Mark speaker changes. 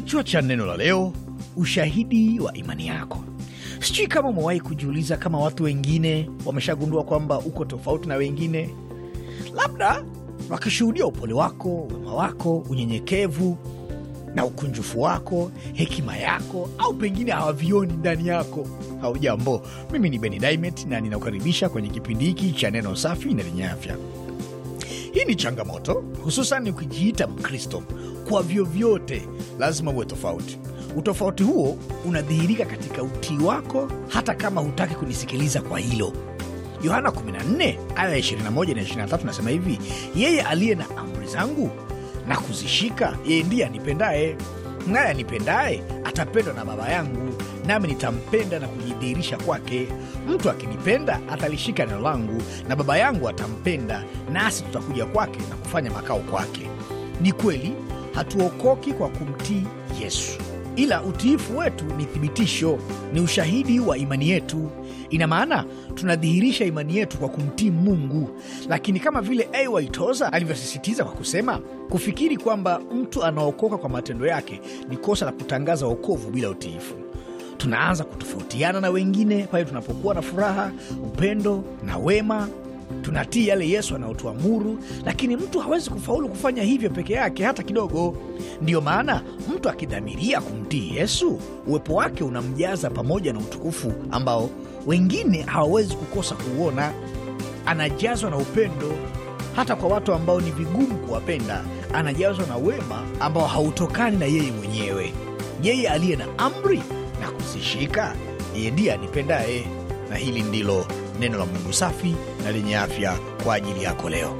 Speaker 1: Kichwa cha neno la leo: ushahidi wa imani yako. Sijui kama umewahi kujiuliza kama watu wengine wameshagundua kwamba uko tofauti na wengine, labda wakishuhudia upole wako, wema wako, unyenyekevu na ukunjufu wako, hekima yako, au pengine hawavioni ndani yako. Haujambo, mimi ni Beni na ninakukaribisha kwenye kipindi hiki cha neno safi na lenye afya. Hii ni changamoto, hususan ukijiita Mkristo. Kwa vyovyote, lazima uwe tofauti. Utofauti huo unadhihirika katika utii wako, hata kama hutaki kunisikiliza kwa hilo. Yohana 14 aya 21 na 23 nasema hivi, yeye aliye na amri zangu na kuzishika, yeye ndiye anipendaye, naye anipendaye atapendwa na Baba yangu nami nitampenda na kujidhihirisha kwake. Mtu akinipenda atalishika neno langu, na Baba yangu atampenda, nasi tutakuja kwake na kufanya makao kwake. Ni kweli hatuokoki kwa kumtii Yesu, ila utiifu wetu ni thibitisho, ni ushahidi wa imani yetu. Ina maana tunadhihirisha imani yetu kwa kumtii Mungu. Lakini kama vile A. Waitoza alivyosisitiza kwa kusema, kufikiri kwamba mtu anaokoka kwa matendo yake ni kosa la kutangaza wokovu bila utiifu tunaanza kutofautiana na wengine pale tunapokuwa na furaha, upendo na wema. Tunatii yale Yesu anayotuamuru, lakini mtu hawezi kufaulu kufanya hivyo peke yake hata kidogo. Ndiyo maana mtu akidhamiria kumtii Yesu, uwepo wake unamjaza pamoja na utukufu ambao wengine hawawezi kukosa kuuona. Anajazwa na upendo hata kwa watu ambao ni vigumu kuwapenda. Anajazwa na wema ambao hautokani na yeye mwenyewe. Yeye aliye na amri na kuzishika, yeye ndiye anipendaye. Na hili ndilo neno la Mungu safi na lenye afya kwa ajili yako leo.